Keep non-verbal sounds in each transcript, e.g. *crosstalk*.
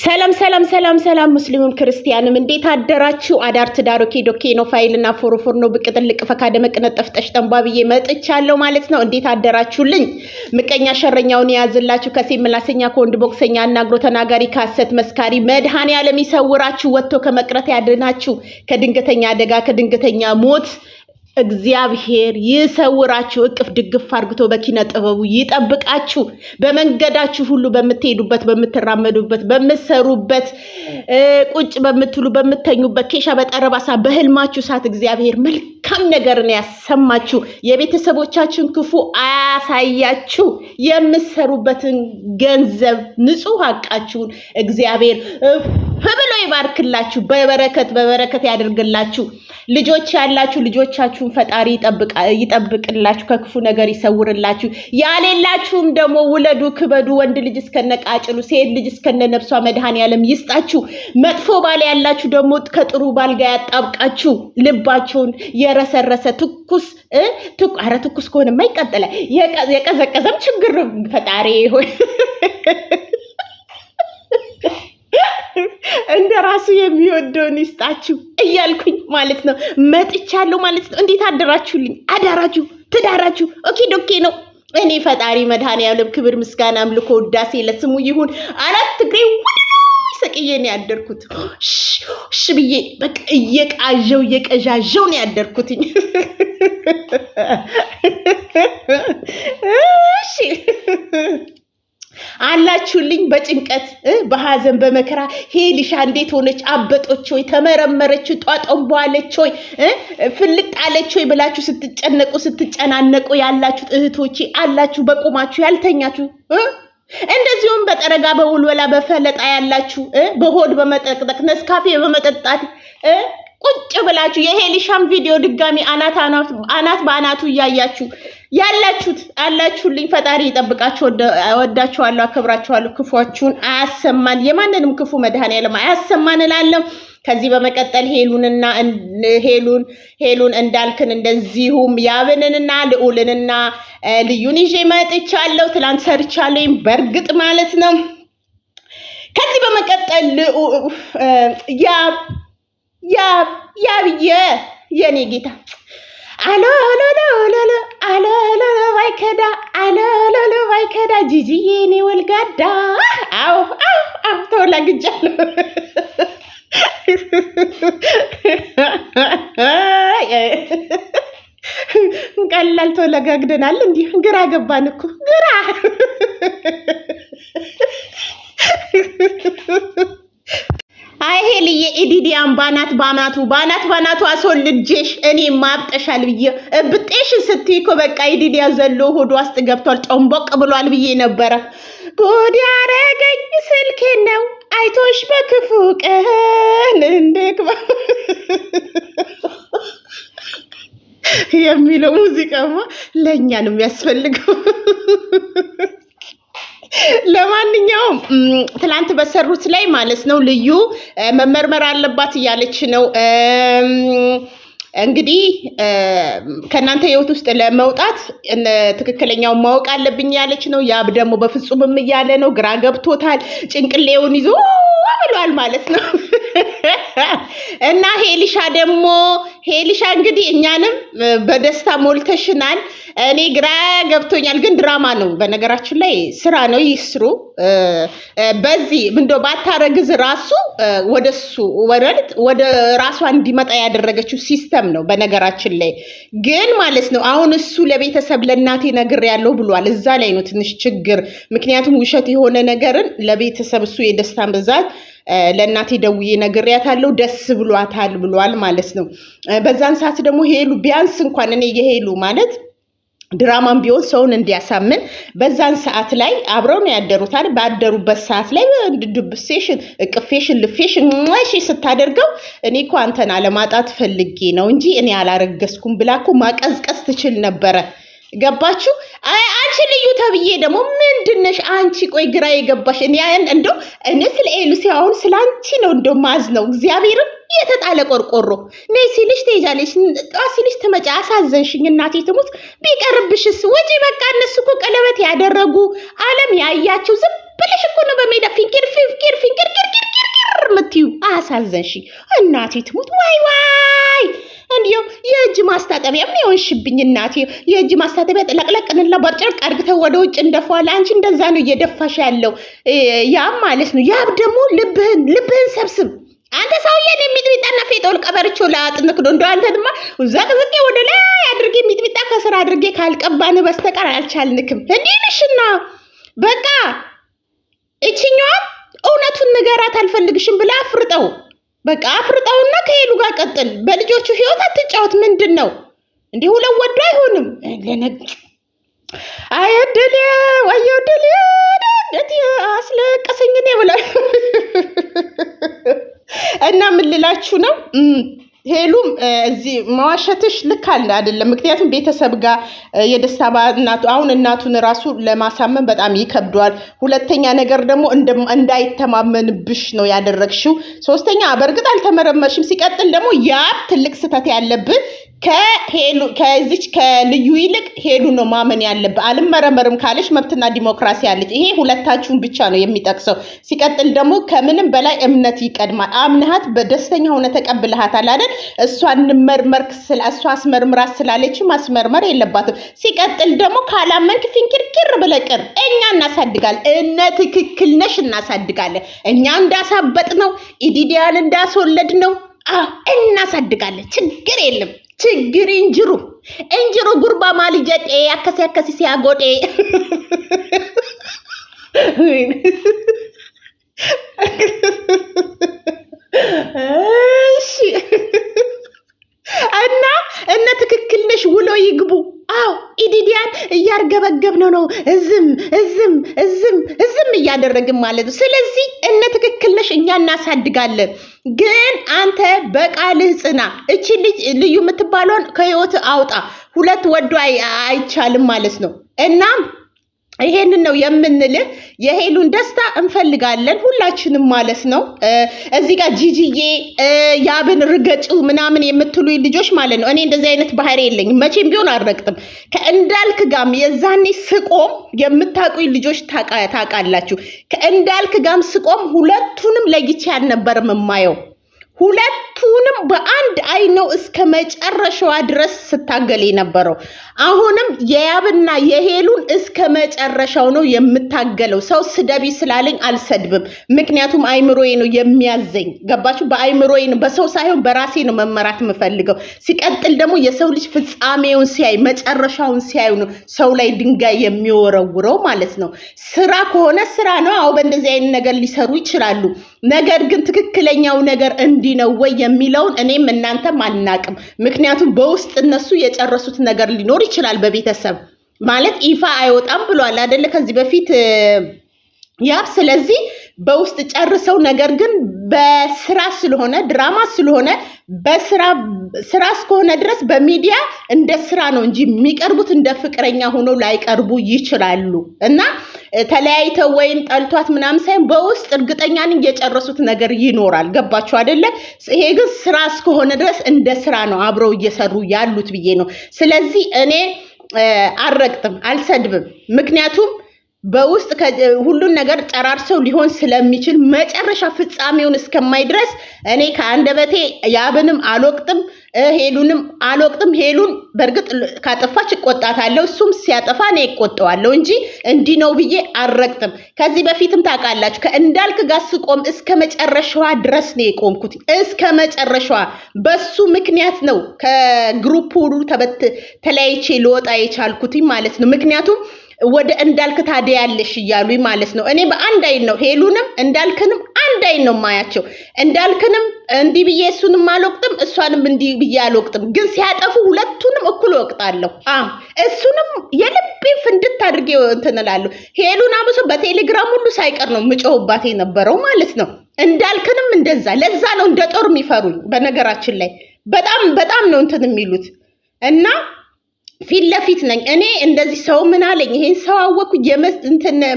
ሰላም ሰላም ሰላም ሰላም ሙስሊሙም ክርስቲያንም እንዴት አደራችሁ? አዳር ትዳሮ ኦኬ ዶኬ ነው ፋይል እና ፎሮፎር ነው ብቅ ጥልቅ ፈካ ደመቅ ነጠፍ ጠሽ መጥቻለሁ ማለት ነው። እንዴት አደራችሁልኝ? ምቀኛ ሸረኛውን የያዝላችሁ ከሴ ምላሰኛ ከወንድ ቦክሰኛ አናግሮ ተናጋሪ ከሐሰት መስካሪ መድኃኔዓለም ይሰውራችሁ፣ ወጥቶ ከመቅረት ያድናችሁ፣ ከድንገተኛ አደጋ ከድንገተኛ ሞት እግዚአብሔር ይሰውራችሁ፣ እቅፍ ድግፍ አርግቶ በኪነ ጥበቡ ይጠብቃችሁ። በመንገዳችሁ ሁሉ በምትሄዱበት፣ በምትራመዱበት፣ በምትሰሩበት፣ ቁጭ በምትሉ፣ በምተኙበት፣ ኬሻ በጠረባሳ በህልማችሁ ሰዓት እግዚአብሔር መልካም ነገርን ያሰማችሁ። የቤተሰቦቻችን ክፉ አያሳያችሁ። የምትሰሩበትን ገንዘብ ንጹህ አቃችሁን እግዚአብሔር ይባርክላችሁ፣ በበረከት በበረከት ያደርግላችሁ። ልጆች ያላችሁ ልጆቻችሁን ፈጣሪ ይጠብቅላችሁ፣ ከክፉ ነገር ይሰውርላችሁ። ያሌላችሁም ደግሞ ውለዱ፣ ክበዱ። ወንድ ልጅ እስከነቃጭሉ፣ ሴት ልጅ እስከነ ነፍሷ መድኃኔዓለም ይስጣችሁ። መጥፎ ባል ያላችሁ ደግሞ ከጥሩ ባል ጋር ያጣብቃችሁ። ልባችሁን የረሰረሰ ትኩስ አረ ትኩስ ከሆነ የማይቀጠለ የቀዘቀዘም ችግር ፈጣሪ ሆይ *laughs* *laughs* እንደ ራሱ የሚወደውን ይስጣችሁ እያልኩኝ ማለት ነው መጥቻለሁ ማለት ነው። እንዴት አደራችሁልኝ? አዳራችሁ፣ ትዳራችሁ ኦኬ ዶኬ ነው። እኔ ፈጣሪ መድኃኔዓለም ክብር፣ ምስጋና፣ አምልኮ፣ ውዳሴ ለስሙ ይሁን። አራት ትግሬ ሰቅዬ ነው ያደርኩት። ሽ ብዬ በቃ እየቃዣው እየቀዣዣው ነው ያደርኩትኝ። *laughs* እሺ አላችሁልኝ። በጭንቀት በሀዘን በመከራ ሄሊሻ እንዴት ሆነች? አበጦች ሆይ ተመረመረች፣ ጧጠንቧለች ሆይ ፍልጥ አለች ሆይ ብላችሁ ስትጨነቁ ስትጨናነቁ ያላችሁ እህቶቼ አላችሁ፣ በቁማችሁ ያልተኛችሁ እንደዚሁም በጠረጋ በውልወላ በፈለጣ ያላችሁ በሆድ በመጠቅጠቅ ነስካፌ በመጠጣት ቁጭ ብላችሁ የሄሊሻም ቪዲዮ ድጋሚ አናት አናት በአናቱ እያያችሁ ያላችሁት አላችሁልኝ። ፈጣሪ ይጠብቃችሁ። ወዳችኋለሁ፣ አከብራችኋለሁ። ክፏችሁን አያሰማን፣ የማንንም ክፉ መድኃኔዓለም አያሰማን እላለሁ። ከዚህ በመቀጠል ሄሉንና ሄሉን ሄሉን እንዳልክን እንደዚሁም ያብንንና ልዑልንና ልዩን ይዤ መጥቻለሁ። ትላንት ሰርቻለሁኝ በእርግጥ ማለት ነው። ከዚህ በመቀጠል ያ ያብዬ የኔ ጌታ አሎ ሎሎ አሎ ሎሎ ባይከዳ አሎ ሎሎ ባይከዳ ጂጂዬ የኔ ወልጋዳ አዎ አዎ ተወላግጃለሁ። ቀላል ተወለጋግደናል። እንዲህ ግራ ገባን እኮ ግራ አይ ሄልዬ ኢዲዲያን ባናት ባናቱ ባናት ባናቱ አስወልጄሽ እኔ ማብጠሻል ብዬ እብጤሽ ስትይ እኮ በቃ ኢዲዲያ ዘሎ ሆዶ ውስጥ ገብቷል፣ ብሏል ብዬ ነበረ። ጉድ ያረገኝ ስልኬን ነው አይቶሽ በክፉ ቀን እንደግባ የሚለው ሙዚቃማ ለእኛ ነው የሚያስፈልገው። ለማንኛውም ትላንት በሰሩት ላይ ማለት ነው ልዩ መመርመር አለባት እያለች ነው። እንግዲህ ከእናንተ ህይወት ውስጥ ለመውጣት ትክክለኛውን ማወቅ አለብኝ እያለች ነው። ያብ ደግሞ በፍጹምም እያለ ነው። ግራ ገብቶታል። ጭንቅሌውን ይዞ ብሏል ማለት ነው። *laughs* እና ሄሊሻ ደግሞ ሄልሻ እንግዲህ እኛንም በደስታ ሞልተሽናል። እኔ ግራ ገብቶኛል፣ ግን ድራማ ነው በነገራችን ላይ ስራ ነው ይስሩ። በዚህ ምንዶ ባታረግዝ ራሱ ወደሱ ወረድ ወደ ራሷ እንዲመጣ ያደረገችው ሲስተም ነው በነገራችን ላይ ግን ማለት ነው። አሁን እሱ ለቤተሰብ ለእናቴ ያለው ብሏል። እዛ ላይ ነው ትንሽ ችግር፣ ምክንያቱም ውሸት የሆነ ነገርን ለቤተሰብ እሱ የደስታን ብዛት ለእናቴ ደውዬ ነግሬያታለሁ። ደስ ብሏታል ብሏል ማለት ነው። በዛን ሰዓት ደግሞ ሄሉ ቢያንስ እንኳን እኔ የሄሉ ማለት ድራማም ቢሆን ሰውን እንዲያሳምን በዛን ሰዓት ላይ አብረው ነው ያደሩታል። ባደሩበት ሰዓት ላይ ድብሴሽን፣ እቅፌሽን፣ ልፌሽን ስታደርገው እኔ እኮ አንተን አለማጣት ፈልጌ ነው እንጂ እኔ አላረገዝኩም ብላ እኮ ማቀዝቀዝ ትችል ነበረ። ገባችሁ? አንቺ ልዩ ተብዬ ደግሞ ምንድነሽ አንቺ? ቆይ ግራ የገባሽ ያን እንደው እኔ ስለ ኤሉሲ አሁን ስለ አንቺ ነው እንደው ማዝ ነው እግዚአብሔርም የተጣለ ቆርቆሮ ነይ ሲልሽ ትሄጃለሽ፣ ጧ ሲልሽ ትመጪ። አሳዘንሽኝ እናቴ ትሙት። ቢቀርብሽስ ውጪ በቃ። እነሱ እኮ ቀለበት ያደረጉ አለም ያያቸው ዝም ብለሽ እኮ ነው በሜዳ ፊንኪር ፊንኪር ፊንኪር ኪርኪር ቅር ምትዩ አሳዘንሽ። እናቴ ትሙት ዋይ ዋይ! እንዲያው የእጅ ማስታጠቢያ ምን የሆንሽብኝ እናቴ። የእጅ ማስታጠቢያ ጥለቅለቅንላ በጨርቅ አድርግተው ወደ ውጭ እንደፏል። አንቺ እንደዛ ነው እየደፋሽ ያለው ያም ማለት ነው። ያብ ደግሞ ልብህን ልብህን ሰብስብ አንተ ሰውዬ እኔ ሚጥሚጣና ፌጦል ቀበርቾ ላጥንክዶ እንደው አንተ ድማ ዘቅዝቄ ወደ ላይ አድርጌ የሚጥሚጣ ከስራ አድርጌ ካልቀባን በስተቀር አልቻልንክም። እንዲህ ነሽና በቃ እችኛዋን እውነቱን ንገራት አልፈልግሽም ብለ አፍርጠው በቃ አፍርጠውና ከሄሉ ጋር ቀጥል። በልጆቹ ህይወት አትጫወት። ምንድን ነው እንዲህ ሁለት ወዶ አይሆንም። አየድል ወየድል አስለቀሰኝ ብላ እና ምን ልላችሁ ነው ሄሉም እዚህ መዋሸትሽ ልክ አለ አይደለም። ምክንያቱም ቤተሰብ ጋር የደስታባ እናቱ አሁን እናቱን ራሱ ለማሳመን በጣም ይከብደዋል። ሁለተኛ ነገር ደግሞ እንዳይተማመንብሽ ነው ያደረግሽው። ሶስተኛ በእርግጥ አልተመረመርሽም። ሲቀጥል ደግሞ ያ ትልቅ ስህተት ያለብን ከዚች ከልዩ ይልቅ ሄሉ ነው ማመን ያለብህ። አልመረመርም ካለች መብትና ዲሞክራሲ አለች። ይሄ ሁለታችሁን ብቻ ነው የሚጠቅሰው። ሲቀጥል ደግሞ ከምንም በላይ እምነት ይቀድማል። አምንሃት በደስተኛ ሆነ ተቀብልሃት አላለን። እሷ እንመርመር እሷ አስመርምራ ስላለች ማስመርመር የለባትም። ሲቀጥል ደግሞ ካላመንክ ፊንኪርኪር ብለቅር እኛ እናሳድጋል እነ ትክክል ነሽ እናሳድጋለን። እኛ እንዳሳበጥ ነው ኢዲዲያል እንዳስወለድ ነው እናሳድጋለን። ችግር የለም። ችግር እንጅሩ እንጅሩ ጉርባ ማልጀጤ አከሴ አከሲ ሲያጎጤ እና እነ ትክክል ነሽ ውሎ ይግቡ። አው ኢዲዲያን እያርገበገብነው ነው። እዝም እዝም እዝም እዝም እያደረግን ማለት ነው። ስለዚህ እነ ትክክል ነሽ፣ እኛ እናሳድጋለን። ግን አንተ በቃልህ ጽና። እቺ ልጅ ልዩ የምትባለውን ከህይወት አውጣ። ሁለት ወዶ አይቻልም ማለት ነው እናም ይሄንን ነው የምንልህ። የሄሉን ደስታ እንፈልጋለን ሁላችንም ማለት ነው። እዚህ ጋር ጂጂዬ ያብን ርገጩ ምናምን የምትሉ ልጆች ማለት ነው። እኔ እንደዚህ አይነት ባህሪ የለኝም፣ መቼም ቢሆን አልረግጥም። ከእንዳልክ ጋም የዛኔ ስቆም የምታውቁኝ ልጆች ታውቃላችሁ። ከእንዳልክ ጋም ስቆም ሁለቱንም ለይቼ አልነበርም የማየው ሁለቱንም በአንድ አይ ነው እስከ መጨረሻዋ ድረስ ስታገል የነበረው። አሁንም የያብና የሄሉን እስከ መጨረሻው ነው የምታገለው። ሰው ስደቢ ስላለኝ አልሰድብም፣ ምክንያቱም አይምሮዬ ነው የሚያዘኝ። ገባችሁ? በአይምሮዬ ነው፣ በሰው ሳይሆን በራሴ ነው መመራት የምፈልገው። ሲቀጥል ደግሞ የሰው ልጅ ፍጻሜውን ሲያይ መጨረሻውን ሲያዩ ነው ሰው ላይ ድንጋይ የሚወረውረው ማለት ነው። ስራ ከሆነ ስራ ነው። አዎ በእንደዚህ አይነት ነገር ሊሰሩ ይችላሉ። ነገር ግን ትክክለኛው ነገር እንዲ ነው ወይ የሚለውን እኔም እናንተም አናቅም። ምክንያቱም በውስጥ እነሱ የጨረሱት ነገር ሊኖር ይችላል። በቤተሰብ ማለት ይፋ አይወጣም ብሏል አደለ ከዚህ በፊት ያ ስለዚህ በውስጥ ጨርሰው ነገር ግን በስራ ስለሆነ ድራማ ስለሆነ በስራ ስራ እስከሆነ ድረስ በሚዲያ እንደ ስራ ነው እንጂ የሚቀርቡት እንደ ፍቅረኛ ሆነው ላይቀርቡ ይችላሉ እና ተለያይተው ወይም ጠልቷት ምናምን ሳይሆን በውስጥ እርግጠኛ ነኝ የጨረሱት ነገር ይኖራል። ገባችሁ አይደለ? ይሄ ግን ስራ እስከሆነ ድረስ እንደ ስራ ነው አብረው እየሰሩ ያሉት ብዬ ነው። ስለዚህ እኔ አልረግጥም፣ አልሰድብም ምክንያቱም በውስጥ ሁሉን ነገር ጨራርሰው ሊሆን ስለሚችል መጨረሻ ፍጻሜውን እስከማይ ድረስ እኔ ከአንደበቴ ያብንም አልወቅጥም፣ ሄሉንም አልወቅጥም። ሄሉን በእርግጥ ካጠፋች እቆጣታለሁ፣ እሱም ሲያጠፋ እኔ እቆጠዋለሁ እንጂ እንዲህ ነው ብዬ አልረግጥም። ከዚህ በፊትም ታውቃላችሁ ከእንዳልክ ጋር ስቆም እስከ መጨረሻዋ ድረስ ነው የቆምኩት። እስከ መጨረሻዋ በሱ ምክንያት ነው ከግሩፕ ሁሉ ተለያይቼ ልወጣ የቻልኩትኝ ማለት ነው። ምክንያቱም ወደ እንዳልክ ታዲያ ያለሽ እያሉኝ ማለት ነው። እኔ በአንድ አይን ነው ሄሉንም እንዳልክንም አንድ አይን ነው ማያቸው። እንዳልክንም እንዲህ ብዬ እሱንም አልወቅጥም፣ እሷንም እንዲህ ብዬ አልወቅጥም። ግን ሲያጠፉ ሁለቱንም እኩል እወቅጣለሁ። እሱንም የልቤ ፍንድት አድርጌ እንትን እላለሁ። ሄሉን አብሶ በቴሌግራም ሁሉ ሳይቀር ነው ምጮውባት የነበረው ማለት ነው። እንዳልክንም እንደዛ። ለዛ ነው እንደ ጦር የሚፈሩኝ። በነገራችን ላይ በጣም በጣም ነው እንትን የሚሉት እና ፊት ለፊት ነኝ እኔ። እንደዚህ ሰው ምን አለኝ፣ ይሄን ሰው አወቅኩ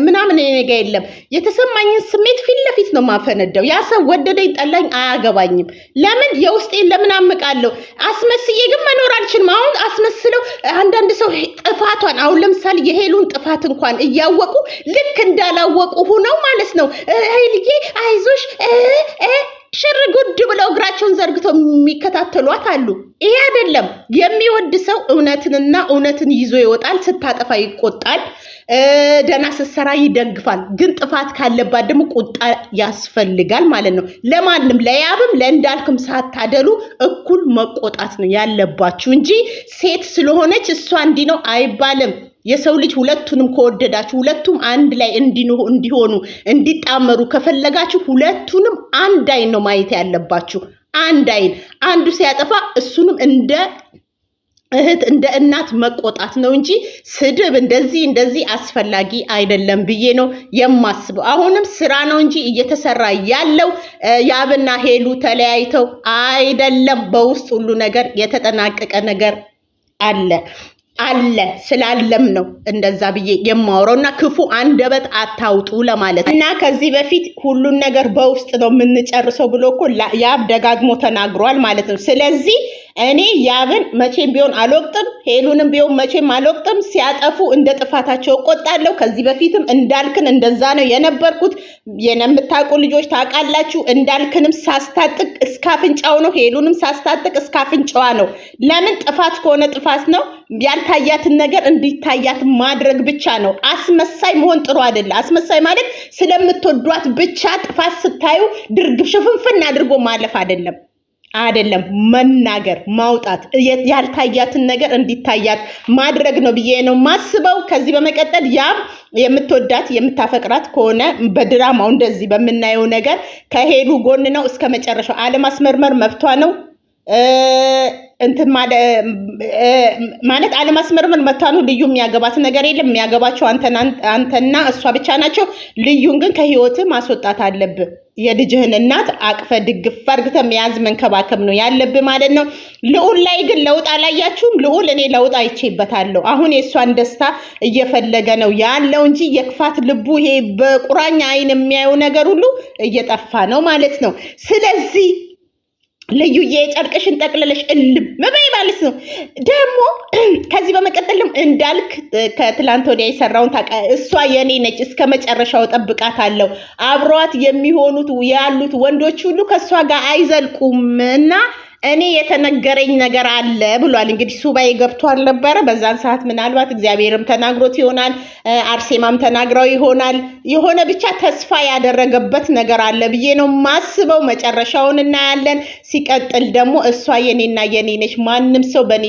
ምናምን ነገ የለም። የተሰማኝን ስሜት ፊት ለፊት ነው ማፈነደው። ያ ሰው ወደደኝ ጠላኝ አያገባኝም። ለምን የውስጤን ለምን አምቃለሁ? አስመስዬ ግን መኖር አልችልም። አሁን አስመስለው አንዳንድ ሰው ጥፋቷን አሁን ለምሳሌ የሄሉን ጥፋት እንኳን እያወቁ ልክ እንዳላወቁ ሁነው ማለት ነው ሄልዬ አይዞሽ ሽር ጉድ ብለው እግራቸውን ዘርግተው የሚከታተሏት አሉ። ይሄ አይደለም የሚወድ ሰው እውነትንና እውነትን ይዞ ይወጣል። ስታጠፋ ይቆጣል፣ ደህና ስትሰራ ይደግፋል። ግን ጥፋት ካለባት ደግሞ ቁጣ ያስፈልጋል ማለት ነው። ለማንም ለያብም ለእንዳልክም ሳታደሉ እኩል መቆጣት ነው ያለባችሁ እንጂ ሴት ስለሆነች እሷ እንዲህ ነው አይባልም። የሰው ልጅ ሁለቱንም ከወደዳችሁ ሁለቱም አንድ ላይ እንዲሆኑ እንዲጣመሩ ከፈለጋችሁ ሁለቱንም አንድ አይን ነው ማየት ያለባችሁ። አንድ አይን አንዱ ሲያጠፋ እሱንም እንደ እህት እንደ እናት መቆጣት ነው እንጂ ስድብ እንደዚህ እንደዚህ አስፈላጊ አይደለም ብዬ ነው የማስበው። አሁንም ስራ ነው እንጂ እየተሰራ ያለው ያብና ሄሉ ተለያይተው አይደለም። በውስጥ ሁሉ ነገር የተጠናቀቀ ነገር አለ። አለ ስላለም ነው እንደዛ ብዬ የማወራው እና ክፉ አንደበት አታውጡ ለማለት እና ከዚህ በፊት ሁሉን ነገር በውስጥ ነው የምንጨርሰው ብሎ እኮ ያብ ደጋግሞ ተናግሯል ማለት ነው። ስለዚህ እኔ ያብን መቼም ቢሆን አልወቅጥም፣ ሄሉንም ቢሆን መቼም አልወቅጥም። ሲያጠፉ እንደ ጥፋታቸው እቆጣለሁ። ከዚህ በፊትም እንዳልክን እንደዛ ነው የነበርኩት። የምታውቁ ልጆች ታውቃላችሁ። እንዳልክንም ሳስታጥቅ እስከ ነው፣ ሄሉንም ሳስታጥቅ እስካፍንጫዋ ነው። ለምን ጥፋት ከሆነ ጥፋት ነው። ያልታያትን ነገር እንዲታያት ማድረግ ብቻ ነው። አስመሳይ መሆን ጥሩ አይደለ። አስመሳይ ማለት ስለምትወዷት ብቻ ጥፋት ስታዩ ድርግ ሽፍንፍን አድርጎ ማለፍ አይደለም። አይደለም መናገር ማውጣት ያልታያትን ነገር እንዲታያት ማድረግ ነው ብዬ ነው ማስበው። ከዚህ በመቀጠል ያም የምትወዳት የምታፈቅራት ከሆነ በድራማው እንደዚህ በምናየው ነገር ከሄሉ ጎን ነው እስከ መጨረሻው። አለማስመርመር መብቷ ነው። እንትን ማለት አለማስመርመር መታኑ ልዩ የሚያገባት ነገር የለም። የሚያገባቸው አንተና እሷ ብቻ ናቸው። ልዩን ግን ከህይወት ማስወጣት አለብህ። የልጅህን እናት አቅፈ ድግፍ አርግተ መያዝ መንከባከብ ነው ያለብህ ማለት ነው። ልዑል ላይ ግን ለውጥ አላያችሁም። ልዑል እኔ ለውጥ አይቼበታለሁ። አሁን የእሷን ደስታ እየፈለገ ነው ያለው እንጂ የክፋት ልቡ ይሄ በቁራኛ አይን የሚያየው ነገር ሁሉ እየጠፋ ነው ማለት ነው። ስለዚህ ልዩዬ ጨርቅሽን ጠቅልለሽ እልም በይ ማለት ነው። ደግሞ ከዚህ በመቀጠልም እንዳልክ ከትላንት ወዲያ የሰራውን ታውቃ እሷ የኔ ነች፣ እስከ መጨረሻው ጠብቃት አለው። አብሯት የሚሆኑት ያሉት ወንዶች ሁሉ ከእሷ ጋር አይዘልቁም እና እኔ የተነገረኝ ነገር አለ ብሏል። እንግዲህ ሱባኤ ገብቶ አልነበረ በዛን ሰዓት ምናልባት እግዚአብሔርም ተናግሮት ይሆናል፣ አርሴማም ተናግረው ይሆናል። የሆነ ብቻ ተስፋ ያደረገበት ነገር አለ ብዬ ነው ማስበው። መጨረሻውን እናያለን። ሲቀጥል ደግሞ እሷ የኔና የኔ ነች፣ ማንም ሰው በኔ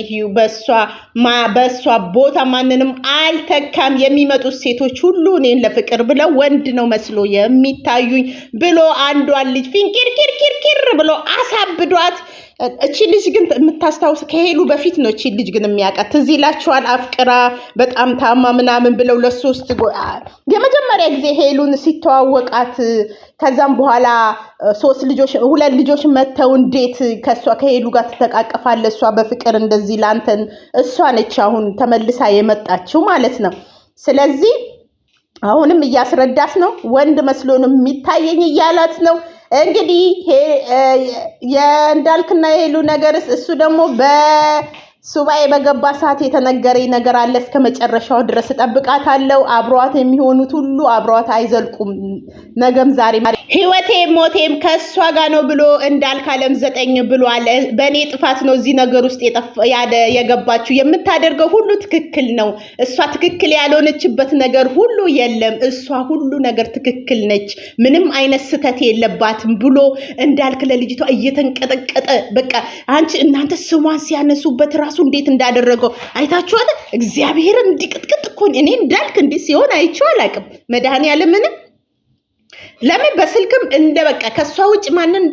በእሷ ቦታ ማንንም አልተካም። የሚመጡ ሴቶች ሁሉ እኔን ለፍቅር ብለው ወንድ ነው መስሎ የሚታዩኝ ብሎ አንዷን ልጅ ፊንኪርኪርኪርኪር ብሎ አሳብዷት እቺ ልጅ ግን የምታስታውስ ከሄሉ በፊት ነው። እቺ ልጅ ግን የሚያውቃት ትዝ ይላችኋል። አፍቅራ በጣም ታማ ምናምን ብለው ለሶስት የመጀመሪያ ጊዜ ሄሉን ሲተዋወቃት ከዛም በኋላ ሶስት ልጆች ሁለት ልጆች መጥተው እንዴት ከእሷ ከሄሉ ጋር ትተቃቀፋለ? እሷ በፍቅር እንደዚህ ለአንተን እሷ ነች አሁን ተመልሳ የመጣችው ማለት ነው። ስለዚህ አሁንም እያስረዳት ነው። ወንድ መስሎ ነው የሚታየኝ እያላት ነው። እንግዲህ የእንዳልክና የሄሉ ነገርስ እሱ ደግሞ በ ሱባኤ በገባ ሰዓት የተነገረኝ ነገር አለ። እስከ መጨረሻው ድረስ እጠብቃታለሁ። አብሯት የሚሆኑት ሁሉ አብሯት አይዘልቁም። ነገም ዛሬ ህይወቴም ሞቴም ከእሷ ጋር ነው ብሎ እንዳልካለም ዓለም ዘጠኝ ብሏል። በእኔ ጥፋት ነው እዚህ ነገር ውስጥ ያለ የገባችው። የምታደርገው ሁሉ ትክክል ነው። እሷ ትክክል ያልሆነችበት ነገር ሁሉ የለም። እሷ ሁሉ ነገር ትክክል ነች። ምንም አይነት ስህተት የለባትም ብሎ እንዳልክ ለልጅቷ እየተንቀጠቀጠ በቃ አንቺ እናንተ ስሟን ሲያነሱበት ራሱ ራሱ እንዴት እንዳደረገው አይታችኋል። እግዚአብሔር እንዲቅጥቅጥ እኮ እኔ እንዳልክ እንዲህ ሲሆን አይቼው አላውቅም። መድኃኒዓለምንም ለምን በስልክም እንደ በቃ ከእሷ ውጭ ማንን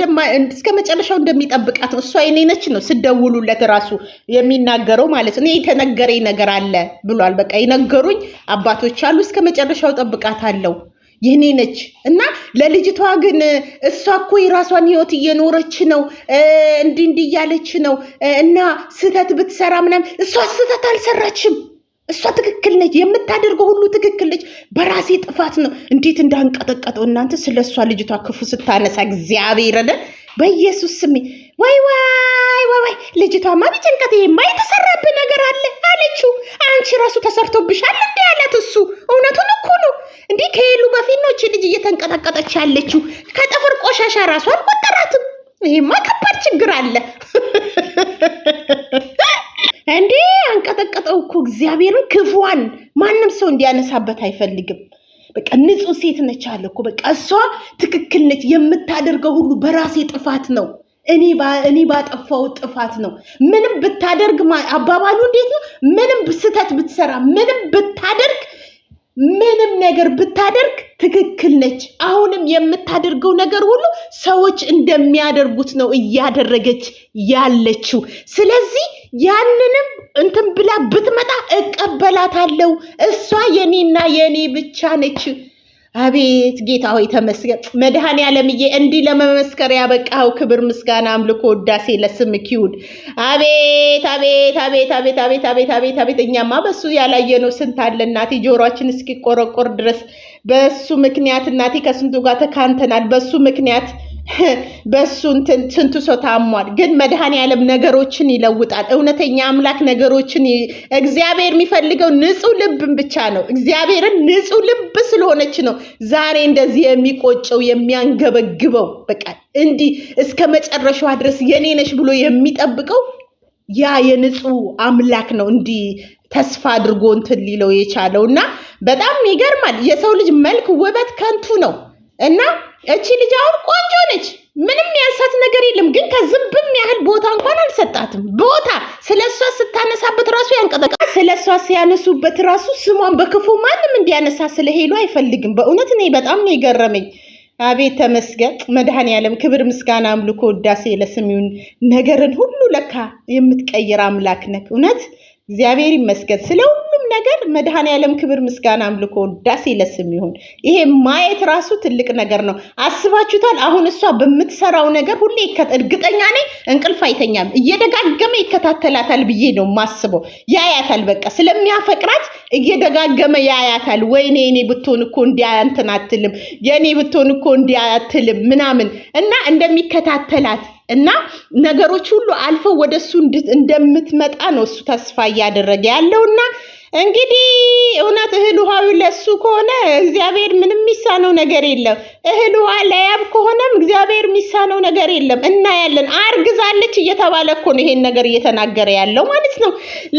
እስከ መጨረሻው እንደሚጠብቃት ነው። እሷ የኔ ነች ነው ስደውሉለት ራሱ የሚናገረው ማለት ነው። የተነገረኝ ነገር አለ ብሏል። በቃ የነገሩኝ አባቶች አሉ። እስከ መጨረሻው ጠብቃት አለው የኔ ነች እና ለልጅቷ ግን እሷ እኮ የራሷን ህይወት እየኖረች ነው፣ እንዲህ እንዲህ እያለች ነው እና ስህተት ብትሰራ ምናምን፣ እሷ ስህተት አልሰራችም። እሷ ትክክል ነች። የምታደርገው ሁሉ ትክክል ነች። በራሴ ጥፋት ነው። እንዴት እንዳንቀጠቀጠው እናንተ ስለ እሷ ልጅቷ ክፉ ስታነሳ እግዚአብሔር በኢየሱስ ስሜ ወይ ወይ ወይ ልጅቷማ ቢጨንቀት ይሄማ የተሰራብህ ነገር አለ አለችው። አንቺ ራሱ ተሰርቶብሻል እንዲ ያላት እሱ። እውነቱን እኮ ነው እንዴ ከሄሉ በፊት ነው እቺ ልጅ እየተንቀጠቀጠች ያለችው። ከጥፍር ቆሻሻ ራሱ አልቆጠራትም። ይሄማ ከባድ ችግር አለ *laughs* እንዴ አንቀጠቀጠው እኮ እግዚአብሔርን። ክፉዋን ማንም ሰው እንዲያነሳበት አይፈልግም። በቃ ንጹህ ሴት ነች አለ እኮ በቃ እሷ ትክክል ነች። የምታደርገው ሁሉ በራሴ ጥፋት ነው እኔ ባጠፋው ጥፋት ነው። ምንም ብታደርግ አባባሉ እንዴት ነው? ምንም ስህተት ብትሰራ፣ ምንም ብታደርግ፣ ምንም ነገር ብታደርግ ትክክል ነች። አሁንም የምታደርገው ነገር ሁሉ ሰዎች እንደሚያደርጉት ነው እያደረገች ያለችው። ስለዚህ ያንንም እንትን ብላ ብትመጣ እቀበላታለሁ። እሷ የኔና የኔ ብቻ ነች። አቤት ጌታ ሆይ ተመስገን። መድኃኔዓለምዬ እንዲህ ለመመስከር ያበቃኸው ክብር፣ ምስጋና፣ አምልኮ፣ ውዳሴ ለስምህ ይሁን። አቤት አቤት አቤት አቤት አቤት አቤት አቤት አቤት እኛማ በሱ ያላየነው ስንት አለ እናቴ፣ ጆሮአችን እስኪቆረቆር ድረስ በሱ ምክንያት እናቴ ከስንቱ ጋር ተካንተናል በሱ ምክንያት በእሱ ስንቱ ሰው ታሟል። ግን መድኃኔ ዓለም ነገሮችን ይለውጣል። እውነተኛ አምላክ ነገሮችን እግዚአብሔር የሚፈልገው ንጹህ ልብን ብቻ ነው። እግዚአብሔርን ንጹህ ልብ ስለሆነች ነው ዛሬ እንደዚህ የሚቆጨው የሚያንገበግበው፣ በቃ እንዲህ እስከ መጨረሻዋ ድረስ የኔ ነሽ ብሎ የሚጠብቀው ያ የንጹህ አምላክ ነው እንዲህ ተስፋ አድርጎ እንትን ሊለው የቻለው እና በጣም ይገርማል። የሰው ልጅ መልክ ውበት ከንቱ ነው እና እቺ ልጅ አሁን ቆንጆ ነች፣ ምንም ያንሳት ነገር የለም። ግን ከዝንብም ያህል ቦታ እንኳን አልሰጣትም። ቦታ ስለ እሷ ስታነሳበት ራሱ ያንቀጠቀ ስለ እሷ ሲያነሱበት ራሱ ስሟን በክፉ ማንም እንዲያነሳ ስለ ሄሉ አይፈልግም። በእውነት እኔ በጣም ነው የገረመኝ። አቤት ተመስገን መድኃኔዓለም፣ ክብር ምስጋና፣ አምልኮ፣ ውዳሴ ለስሚውን ነገርን ሁሉ ለካ የምትቀይር አምላክ ነክ። እውነት እግዚአብሔር ይመስገን ስለው ነገር መድኃኔ ዓለም ክብር፣ ምስጋና፣ አምልኮ፣ ውዳሴ ይለስም ይሁን። ይሄ ማየት ራሱ ትልቅ ነገር ነው። አስባችሁታል? አሁን እሷ በምትሰራው ነገር ሁሌ እርግጠኛ ነኝ እንቅልፍ አይተኛም፣ እየደጋገመ ይከታተላታል ብዬ ነው ማስበው። ያያታል፣ በቃ ስለሚያፈቅራት እየደጋገመ ያያታል። ወይኔ የኔ ብትሆን እኮ እንዲያንትን አትልም፣ የኔ ብትሆን እኮ እንዲያትልም ምናምን እና እንደሚከታተላት እና ነገሮች ሁሉ አልፈው ወደ እሱ እንደምትመጣ ነው እሱ ተስፋ እያደረገ ያለውና እንግዲህ እውነት እህል ውሃው ለሱ ከሆነ እግዚአብሔር ምንም የሚሳነው ነገር የለም። እህል ውሃ ለያብ ከሆነም እግዚአብሔር የሚሳነው ነገር የለም። እናያለን። አርግዛለች እየተባለ እኮ ነው ይሄን ነገር እየተናገረ ያለው ማለት ነው።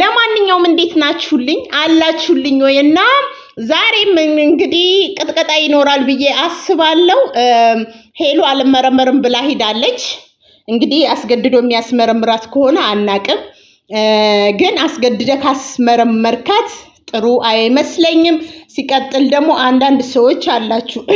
ለማንኛውም እንዴት ናችሁልኝ? አላችሁልኝ ወይ? እና ዛሬም እንግዲህ ቅጥቀጣ ይኖራል ብዬ አስባለሁ። ሄሉ አልመረመርም ብላ ሂዳለች። እንግዲህ አስገድዶ የሚያስመረምራት ከሆነ አናቅም ግን አስገድደ ካስመረመርካት ጥሩ አይመስለኝም። ሲቀጥል ደግሞ አንዳንድ ሰዎች አላችሁ *clears throat*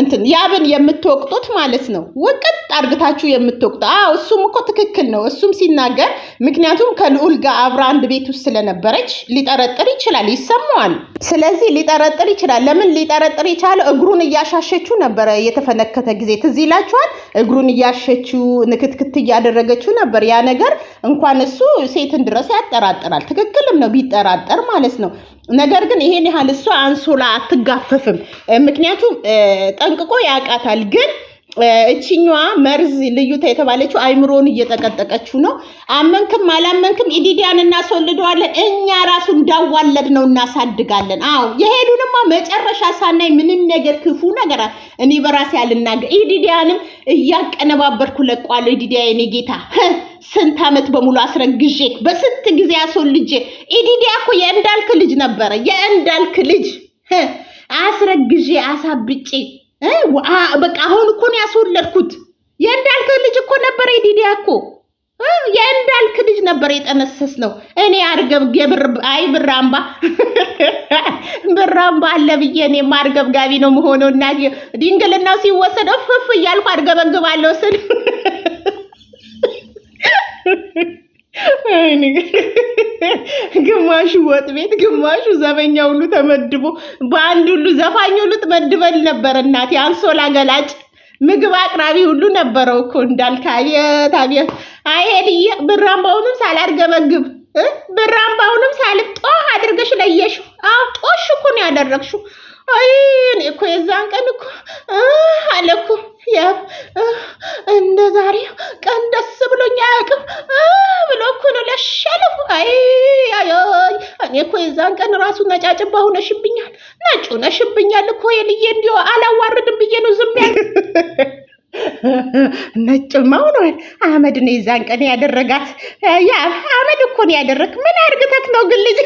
እንትን ያብን የምትወቅጡት ማለት ነው። ውቅጥ አርግታችሁ የምትወቅጡ። አዎ እሱም እኮ ትክክል ነው። እሱም ሲናገር ምክንያቱም ከልዑል ጋር አብራ አንድ ቤት ውስጥ ስለነበረች ሊጠረጥር ይችላል፣ ይሰማዋል። ስለዚህ ሊጠረጥር ይችላል። ለምን ሊጠረጥር የቻለው እግሩን እያሻሸችው ነበረ። የተፈነከተ ጊዜ ትዝ ይላችኋል። እግሩን እያሸችው ንክትክት እያደረገችው ነበር። ያ ነገር እንኳን እሱ ሴትን ድረስ ያጠራጥራል። ትክክልም ነው ቢጠራጠር ማለት ነው። ነገር ግን ይሄን ያህል እሷ አንሶላ አትጋፈፍም፣ ምክንያቱም ጠንቅቆ ያውቃታል ግን እችኛዋ መርዝ ልዩታ የተባለችው አይምሮን እየጠቀጠቀችው ነው። አመንክም አላመንክም ኢዲዲያን እናስወልደዋለን። እኛ ራሱ እንዳዋለድ ነው እናሳድጋለን። አዎ የሄዱንማ መጨረሻ ሳናይ ምንም ነገር ክፉ ነገር እኔ በራሴ አልናገር። ኢዲዲያንም እያቀነባበርኩ ለቋለሁ። ኢዲዲያ የኔ ጌታ ስንት ዓመት በሙሉ አስረግዤ በስንት ጊዜ አስወልጄ። ኢዲዲያ እኮ የእንዳልክ ልጅ ነበረ፣ የእንዳልክ ልጅ አስረግዤ አሳብጬ በቃ አሁን እኮ ነው ያስወለድኩት። የእንዳልክ ልጅ እኮ ነበረ የዲዲያ እኮ የእንዳልክ ልጅ ነበር የጠነሰስ ነው። እኔ አርገብ አይ ብራምባ *laughs* ብራምባ አለ ብዬ እኔ ማርገብ ጋቢ ነው መሆኑ እና ድንግልናው ሲወሰድ እፍፍ እያልኩ አርገበግባለሁ ስል *laughs* ግማሹ ወጥ ቤት ግማሹ ዘበኛ ሁሉ ተመድቦ በአንድ ሁሉ ዘፋኝ ሁሉ ትመድበል ነበር። እናቴ አንሶላ ገላጭ ምግብ አቅራቢ ሁሉ ነበረው እኮ እንዳልክ። አቤት አቤት! አይሄድዬ ብራምባውንም ሳላርገበግብ ብራምባውንም ሳልብ ጦህ አድርገሽ ለየሽ። አዎ ጦሽ እኮ ነው ያደረግሽው። አይ እኔ እኮ የዛን ቀን እኮ አለኩ ያ እንደ ዛሬ ቀን ደስ ብሎኛ አያውቅም። ብሎ እኮ ነው ለሸለፉ። አይ አይ እኔ እኮ የዛን ቀን ራሱ ነጫጭባ ሆነሽብኛል፣ ነጭ ሆነሽብኛል እኮ የልዬ እንዲሁ አላዋርድም ብዬ ነው ዝም ያል ነጭማ ሆኖ አህመድ ነው የዛን ቀን ያደረጋት። ያ አህመድ እኮ ነው ያደረግ። ምን አርግተት ነው ግን ልጅ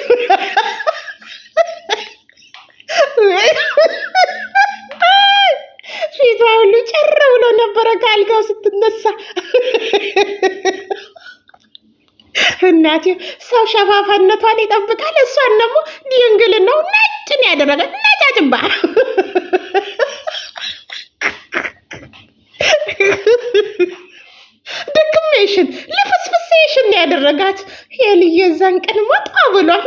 ፊቷ ሁሉ ጭር ብሎ ነበረ ከአልጋው ስትነሳ እናቴ ሰው ሸፋፋነቷን ይጠብቃል። እሷን ደግሞ ድንግልናው ነጭን ያደረገ ነጫጭባ ድክሜሽን ልፍስፍሴሽን ያደረጋት የልየዛን ቀን ሞጣ ብሏል።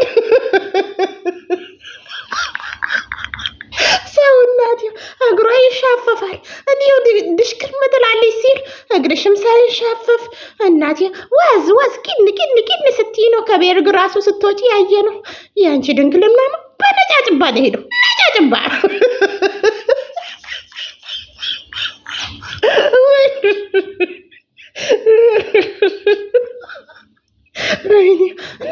ሰው እናቴ እግሯ ይሻፈፋል። እንዲሁ ድሽቅር ምትላለች ሲል እግርሽም ሳይሻፈፍ እናቴ ወዝ ወዝ ቂን ቂን ቂን ስትይ ነው ከቤርግ ራሱ ስትወጪ ያየ ነው። የአንቺ ድንግል ምናምን በነጫጭባ ነው ሄደው ነጫጭባ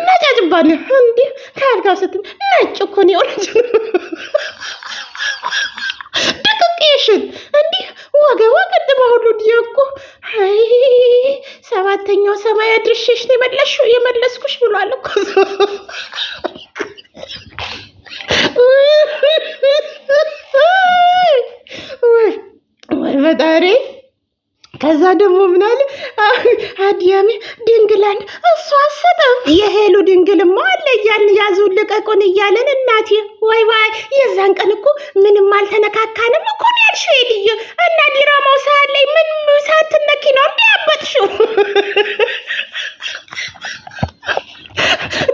ነጫጭባ ነው እንዲ ከአልጋው ስት ነጭ እኮ ነው የሆነች ድቅቄሽን እንዲህ ወገ ወገ በሁሉ ሁሉ እኮ አይ ሰባተኛው ሰማይ አድርሽሽ ነው የመለሽ የመለስኩሽ ብሏል እኮ ፈጣሪ። ከዛ ደግሞ ምናል አዲያሜ ድንግላን እሱ አሰጠም የሄሉ ድንግልማ አለ እያልን ያዙን ልቀቁን እያለን እናቴ ወይ ዋይ የዛን ቀን እኮ ምንም አልተነካካንም እኮ ሄድሽ ሄድዩ እና ዲራማው ሰዓት ላይ ምን ሳትነኪ ነው እንዲ ያበጥሽው?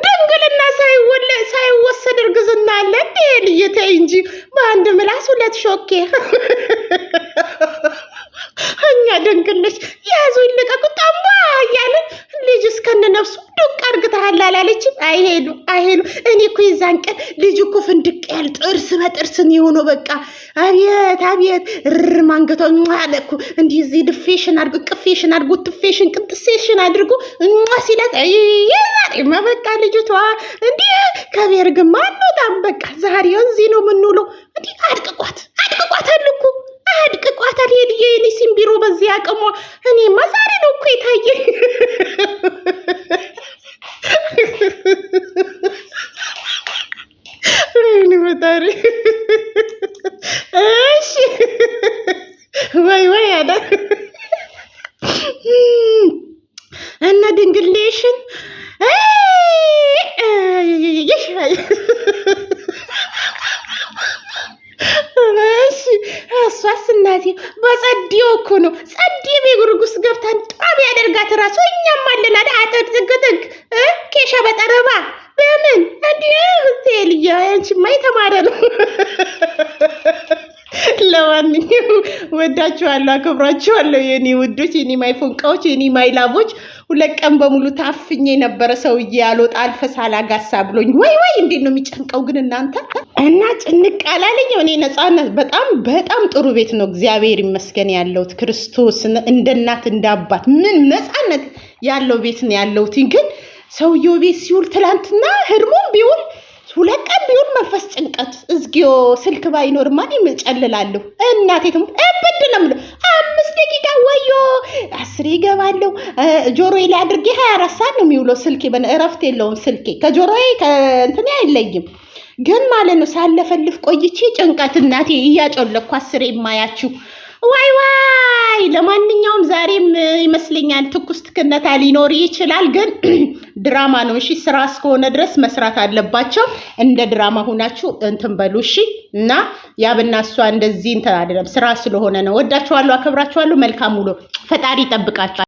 ድንግልና ሳይወሰድ እርግዝና አለ እንዴ? ልየተይ እንጂ በአንድ ምላስ ሁለት ሾኬ። እኛ ድንግልሽ ያዙ ይልቀቁ ጠማ እያለን ልጅ እስከነ ነፍሱ ዱቅ አርግተሃል አላለችም? አይሄዱ ነው። እኔ እኮ የዛን ቀን ልጅ እኮ ፍንድቅ ያል ጥርስ በጥርስን የሆነው በቃ አብየት አብየት ር ማንገቷ አለ እኮ እንዲህ እዚህ ድፌሽን አድርጎ ቅፌሽን አድርጎ ትፌሽን ቅንጥሴሽን አድርጎ እ ሲለት የዛሬማ በቃ ልጅቷ እንዲህ ከቤር ግማ አንወጣም በቃ ዛሬ እዚህ ነው የምንውለው። እንዲህ አድቅቋት አድቅቋታል እኮ አድቅቋታል። ሄድዬ የኔ ቢሮ በዚህ አቅሟ እኔ ማዛሬ ነው እኮ የታየ *laughs* ፈጣሪ እሺ፣ ወይ ወይ አለ እና ድንግሌሽን እሷስ እናቴ በጸድዮ እኮ ነው። ወዳችኋለሁ፣ አከብራችኋለሁ የኔ ውዶች፣ የኔ ማይፎንቃዎች፣ የኔ ማይላቦች። ሁለት ቀን በሙሉ ታፍኜ ነበረ። ሰውዬ አልወጣ አልፈሳ ጋሳ ብሎኝ ወይ ወይ፣ እንዴት ነው የሚጨንቀው ግን እናንተ እና ጭንቅ አላለኝ። እኔ ነፃነት በጣም በጣም ጥሩ ቤት ነው እግዚአብሔር ይመስገን ያለሁት። ክርስቶስ እንደ እናት እንደ አባት ምን ነፃነት ያለው ቤት ነው ያለሁት። ግን ሰውየው ቤት ሲውል ትላንትና ህድሞም ቢውል ሁለት ቀን ቢሆን መንፈስ ጭንቀት እዝጊዮ ስልክ ባይኖርማ ጨልላለሁ። እናቴ ትሙት እብድ ነው የምለው። አምስት ደቂቃ ወዮ አስሬ ይገባለሁ። ጆሮዬ ላይ አድርጌ ሀያ አራት ሰዓት ነው የሚውለው ስልኬ። እረፍት የለውም ስልኬ። ከጆሮዬ ከእንትን አይለይም ግን ማለት ነው። ሳለፈልፍ ቆይቼ ጭንቀት እናቴ እያጮለኩ አስሬ የማያችው ዋይ ዋይ! ለማንኛውም ዛሬም ይመስለኛል ትኩስ ትክነታ ሊኖር ይችላል፣ ግን *clears throat* ድራማ ነው። እሺ ስራ እስከሆነ ድረስ መስራት አለባቸው። እንደ ድራማ ሁናችሁ እንትን በሉ እሺ። እና ያብና እሷ እንደዚህ እንትን አይደለም፣ ስራ ስለሆነ ነው። ወዳችኋለሁ፣ አከብራችኋለሁ። መልካም ውሎ፣ ፈጣሪ ይጠብቃችኋል።